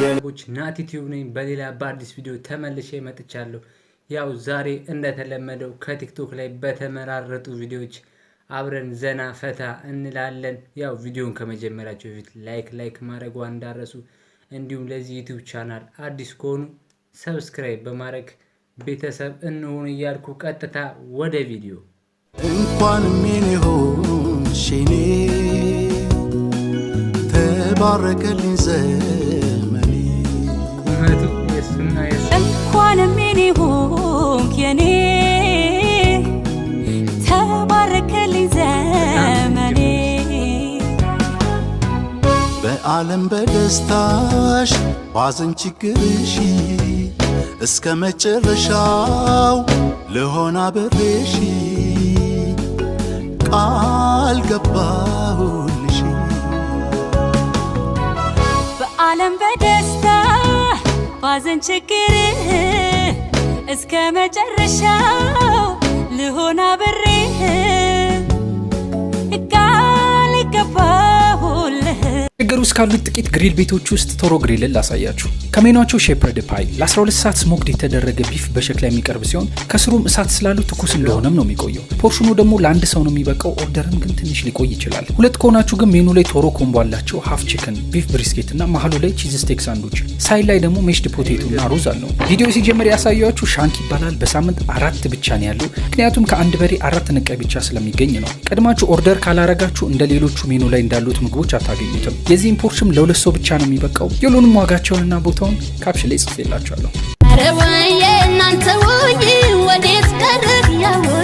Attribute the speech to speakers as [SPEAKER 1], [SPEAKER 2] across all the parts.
[SPEAKER 1] ሌሎች ናቲቲዩብ ነኝ። በሌላ በአዲስ ቪዲዮ ተመልሼ መጥቻለሁ። ያው ዛሬ እንደተለመደው ከቲክቶክ ላይ በተመራረጡ ቪዲዮዎች አብረን ዘና ፈታ እንላለን። ያው ቪዲዮን ከመጀመሪያቸው በፊት ላይክ ላይክ ማድረጓ እንዳረሱ፣ እንዲሁም ለዚህ ዩቲዩብ ቻናል አዲስ ከሆኑ ሰብስክራይብ በማድረግ ቤተሰብ እንሆን እያልኩ ቀጥታ ወደ ቪዲዮ
[SPEAKER 2] እንኳን ምን ሆን ሽኔ ተባረከልኝ ዘ ዓለም በደስታሽ ባዘን ችግርሽ እስከ መጨረሻው ልሆን አብሬሽ ቃል ገባሁልሽ በዓለም በደስታ ባዘን ችግር እስከ መጨረሻው ልሆን አብሬህ
[SPEAKER 1] ካሉት ጥቂት ግሪል ቤቶች ውስጥ ቶሮ ግሪልን ላሳያችሁ። ከሜኗቸው ሼፐርድ ፓይ ለ12 ሰዓት ስሞክድ የተደረገ ቢፍ በሸክላ የሚቀርብ ሲሆን ከስሩም እሳት ስላሉ ትኩስ እንደሆነም ነው የሚቆየው። ፖርሽኑ ደግሞ ለአንድ ሰው ነው የሚበቃው። ኦርደርም ግን ትንሽ ሊቆይ ይችላል። ሁለት ከሆናችሁ ግን ሜኑ ላይ ቶሮ ኮምቦ አላቸው። ሀፍ ቺክን፣ ቢፍ ብሪስኬት እና መሀሉ ላይ ቺዝ ስቴክ ሳንዱች፣ ሳይድ ላይ ደግሞ ሜሽድ ፖቴቶ እና ሩዝ አለው። ቪዲዮ ሲጀምር ያሳያችሁ ሻንክ ይባላል። በሳምንት አራት ብቻ ነው ያለው፣ ምክንያቱም ከአንድ በሬ አራት ንቃይ ብቻ ስለሚገኝ ነው። ቀድማችሁ ኦርደር ካላረጋችሁ እንደ ሌሎቹ ሜኑ ላይ እንዳሉት ምግቦች አታገኙትም። የዚህ ቁርሽም ለሁለት ሰው ብቻ ነው የሚበቃው። የሁሉንም ዋጋቸውንና ቦታውን ካፕሽ ላይ ያው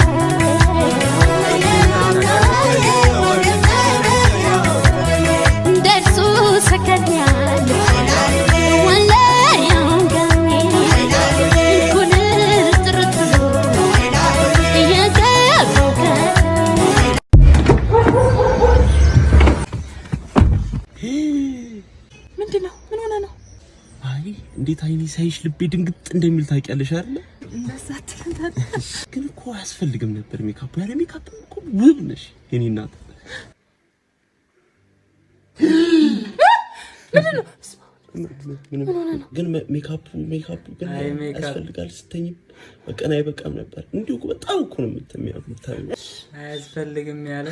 [SPEAKER 3] ሳይኒ ሳይሽ ልቤ ድንግጥ እንደሚል ታውቂያለሽ አይደለ? ግን እኮ አያስፈልግም ነበር ሜካፕ። ያለ ሜካፕ እኮ ውብ ነሽ የኔ እናት። ግን ሜካፑ ሜካፑ ግን ያስፈልጋል። ስተኝ በቀን አይበቃም ነበር እንዲሁ። በጣም እኮ ነው የምትሚያሉት።
[SPEAKER 4] አያስፈልግም ያለ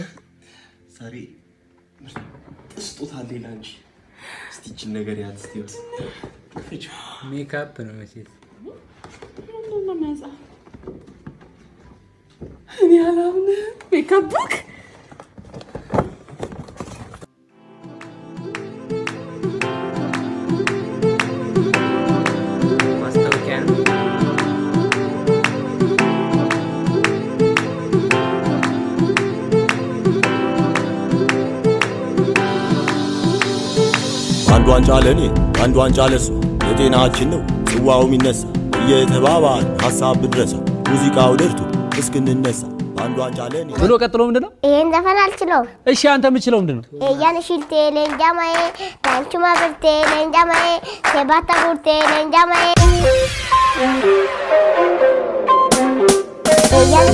[SPEAKER 3] ዛሬ ስጦታ ሌላ እንጂ እስቲ ነገር ያት
[SPEAKER 4] እስቲ ሜካፕ ነው መቼስ።
[SPEAKER 5] እኔ አላምንህም ሜካፕ
[SPEAKER 6] አንዷ ዋንጫ ለኔ፣ አንዷ ዋንጫ ለሱ ለጤናችን ነው ጽዋው ሚነሳ እየተባባል ሀሳብ ብድረሰ ሙዚቃው ደርቱ እስክንነሳ አንዷ
[SPEAKER 7] ዋንጫ ለኔ ብሎ ቀጥሎ ምንድነው?
[SPEAKER 8] ይሄን ዘፈን አልችለውም።
[SPEAKER 7] እሺ አንተ የምችለው ምንድነው?
[SPEAKER 8] እያን ሽልቴ ለንጃማዬ ታንቹ ማብርቴ ለንጃማዬ ሴባታ ቡርቴ ለንጃማዬ እያን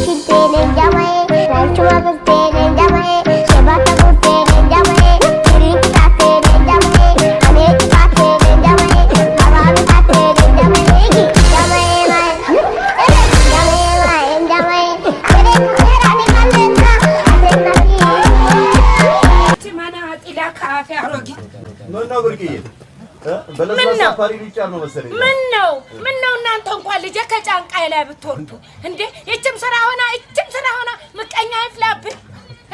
[SPEAKER 8] ሽልቴ ለንጃማዬ ታንቹ ማብርቴ ለንጃማዬ ሴባታ ቡርቴ ለንጃማዬ
[SPEAKER 9] ምን ነው ምን ነው እናንተ እንኳን ልጄ ከጫንቃዬ ላይ ብትወርዱ እንዴ! ይችም ስራ ሆና ይችም ስራ ሆና ምቀኛ ይፍላብን።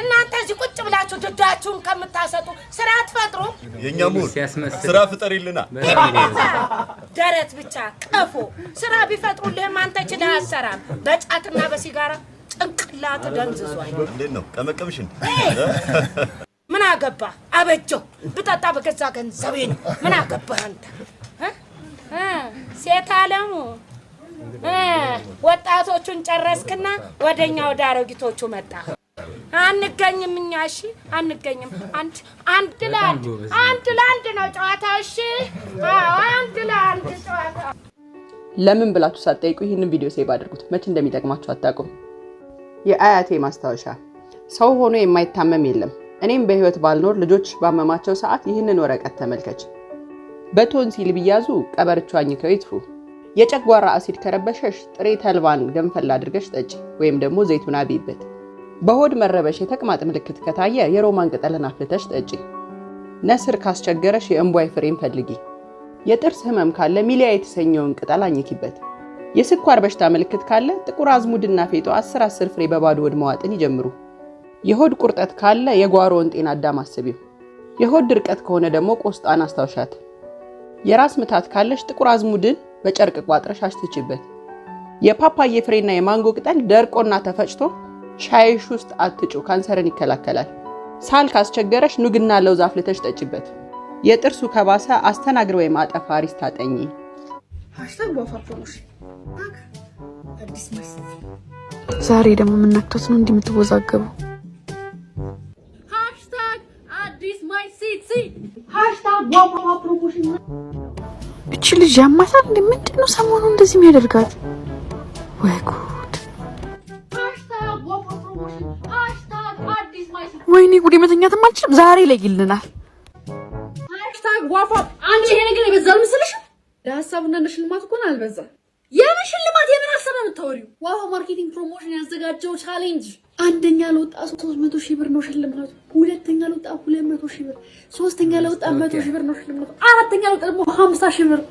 [SPEAKER 9] እናንተ እዚህ ቁጭ ብላችሁ ድዳችሁን ከምታሰጡ ስራ አትፈጥሩ።
[SPEAKER 10] የእኛ ስራ ፍጠሪልና
[SPEAKER 9] ደረት ብቻ ቀፎ ስራ ቢፈጥሩልህም አንተ ችለህ አትሰራም። በጫትና በሲጋራ ጭንቅላት ደንዝዟል።
[SPEAKER 10] እንዴት ነው ቀመቀምሽን
[SPEAKER 9] አገባ አበጀው ብጠጣ በገዛ ገንዘቤ ነው። ምን አንተ? ሴት አለሙ ወጣቶቹን ጨረስክና ወደኛ ወደ አሮጊቶቹ መጣ። አንገኝም እኛ እሺ፣ አንገኝም። አንድ አንድ ለአንድ አንድ ለአንድ ነው ጨዋታ። እሺ፣ አንድ ለአንድ
[SPEAKER 1] ጨዋታ። ለምን ብላችሁ ሳትጠይቁ ይህንን ቪዲዮ ሴቭ አድርጉት። መቼ እንደሚጠቅማችሁ አታውቁም። የአያቴ ማስታወሻ ሰው ሆኖ የማይታመም የለም። እኔም በህይወት ባልኖር ልጆች ባመማቸው ሰዓት ይህንን ወረቀት ተመልከች። በቶንሲል ቢያዙ ቀበርቿኝ ከው ይጥፉ። የጨጓራ አሲድ ከረበሸሽ ጥሬ ተልባን ገንፈል አድርገሽ ጠጪ፣ ወይም ደግሞ ዘይቱን አብይበት። በሆድ መረበሽ የተቅማጥ ምልክት ከታየ የሮማን ቅጠልን አፍልተሽ ጠጪ። ነስር ካስቸገረሽ የእንቧይ ፍሬን ፈልጊ። የጥርስ ህመም ካለ ሚሊያ የተሰኘውን ቅጠል አኝኪበት። የስኳር በሽታ ምልክት ካለ ጥቁር አዝሙድና ፌጦ አስር አስር ፍሬ በባዶ ሆድ መዋጥን ይጀምሩ። የሆድ ቁርጠት ካለ የጓሮውን ጤና አዳም አስቢው። የሆድ ድርቀት ከሆነ ደግሞ ቆስጣን አስታውሻት። የራስ ምታት ካለሽ ጥቁር አዝሙድን በጨርቅ ቋጥረሽ አሽትችበት። የፓፓዬ ፍሬና የማንጎ ቅጠል ደርቆና ተፈጭቶ ሻይሽ ውስጥ አትጩ፣ ካንሰርን ይከላከላል። ሳል ካስቸገረሽ ኑግና ለውዝ አፍልተሽ ጠጭበት። የጥርሱ ከባሰ አስተናግር ወይም አጠፋ አሪስ ታጠኚ።
[SPEAKER 5] ዛሬ ደግሞ የምናክቶት ነው እንዲህ ማይ ሴት ሴት
[SPEAKER 9] ሃሽታግ ዋማማ ፕሮሞሽን።
[SPEAKER 5] እቺ ልጅ ያማታል እንዴ? ምንድን ነው ሰሞኑ እንደዚህ የሚያደርጋት? ወይ ጉድ! ወይኔ ጉድ! የመተኛትም አልችልም ዛሬ ላይ ይልናል።
[SPEAKER 9] ሃሽታግ ዋፋ አንቺ ይሄ ነገር የበዛ ምስልሽ ለሀሳብ እና ለሽልማት እኮ አልበዛም። የምን ሽልማት የምን አሰበ የምታወሪው? ዋው ማርኬቲንግ ፕሮሞሽን ያዘጋጀው ቻሌንጅ አንደኛ ለወጣ ሶስት መቶ ሺህ ብር ነው ሽልማቱ። ሁለተኛ ለወጣ ሁለት መቶ ሺህ ብር፣ ሶስተኛ ለወጣ መቶ ሺህ ብር ነው ሽልማቱ። አራተኛ ለወጣ ደግሞ ሀምሳ ሺህ ብር።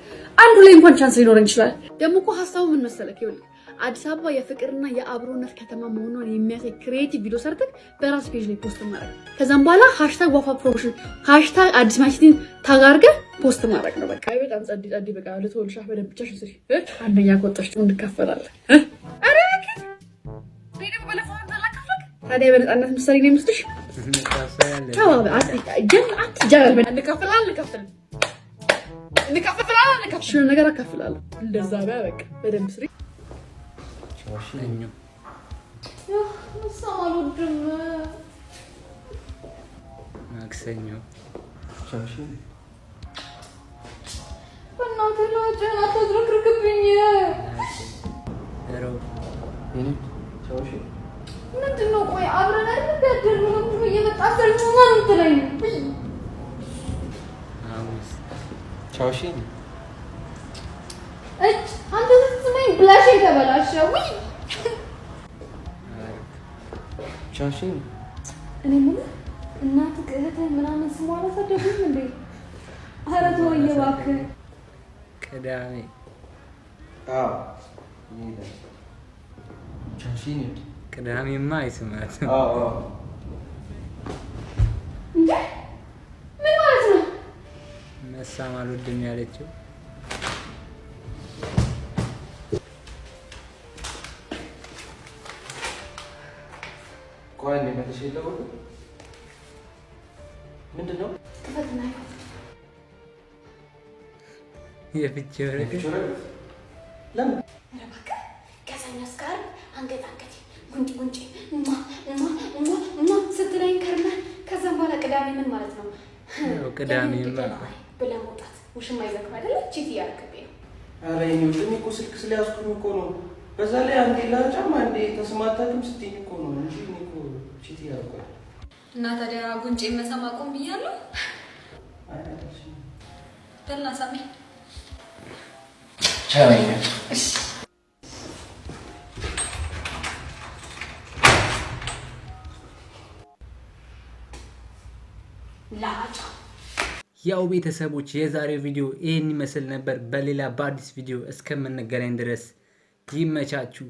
[SPEAKER 9] አንዱ ላይ እንኳን ቻንስ ሊኖረን ይችላል። ደግሞ እኮ ሀሳቡ ምን መሰለህ ይኸውልህ አዲስ አበባ የፍቅርና የአብሮነት ከተማ መሆኗን የሚያሳይ ክሬቲቭ ቪዲዮ ሰርተክ በራስ ፔጅ ላይ ፖስት ማድረግ፣ ከዛም በኋላ ሃሽታግ ዋፋ ፕሮሞሽን ሃሽታግ አዲስ ማሽቲን ታጋርገ ፖስት ማድረግ ነው። በቃ በጣም ጸዲ ጸዲ በቃ ልትወልሻ በደንብ ብቻ ስሪ። አንደኛ ከወጣሽ እንድካፈላለን። ታዲያ በነፃነት ምሳሌ ነው ይመስልሽ?
[SPEAKER 5] ነገር አካፍላለሁ። እንደዛ በቃ በደንብ ስሪ።
[SPEAKER 4] ማክሰኞ ምንድን
[SPEAKER 9] ነው? ቆይ አብረን አይደል ያደር ነው እየመጣ ሰርቹ ማለት ላይ ቻውሺ የተበላሸ እኔ ምን እናት እህት ምናምን ስሟ አላሳደጉም እንዴ? ኧረ ተወው እባክህ።
[SPEAKER 4] ቅዳሜ ቅዳሜማ አይስማትም።
[SPEAKER 9] እንዴ ምን ማለት ነው?
[SPEAKER 4] መሳም አልወድም ያለችው አስታውሰሽ የለም ሁሉ ምንድን ነው? የፍቺ ወረቀት ለምን
[SPEAKER 9] ከሰኞ እስከ ዓርብ አንገት ጉንጭ ጉንጭ ስትለኝ ከርመህ ከዛም በኋላ ቅዳሜ ምን ማለት ነው? ቅዳሜ ብለህ መውጣት ውሽማ ይዘግብ አይደለ? ቺት እያደረክብኝ ነው።
[SPEAKER 4] ኧረ የእኔ ውጭ እኔ እኮ ስልክ ስለያዝኩኝ እኮ ነው። በዛ ላይ አንዴ ላጫም አንዴ ተስማታችሁም ስትይኝ እኮ ነው እንጂ ቺት ያደርጓል።
[SPEAKER 9] እና ታዲያ ጉንጭ መሳም አቁም ብያለሁ። ደህና ሳሚ
[SPEAKER 1] ያው ቤተሰቦች የዛሬው ቪዲዮ ይህን ይመስል ነበር። በሌላ በአዲስ ቪዲዮ እስከምንገናኝ ድረስ ይመቻችሁ።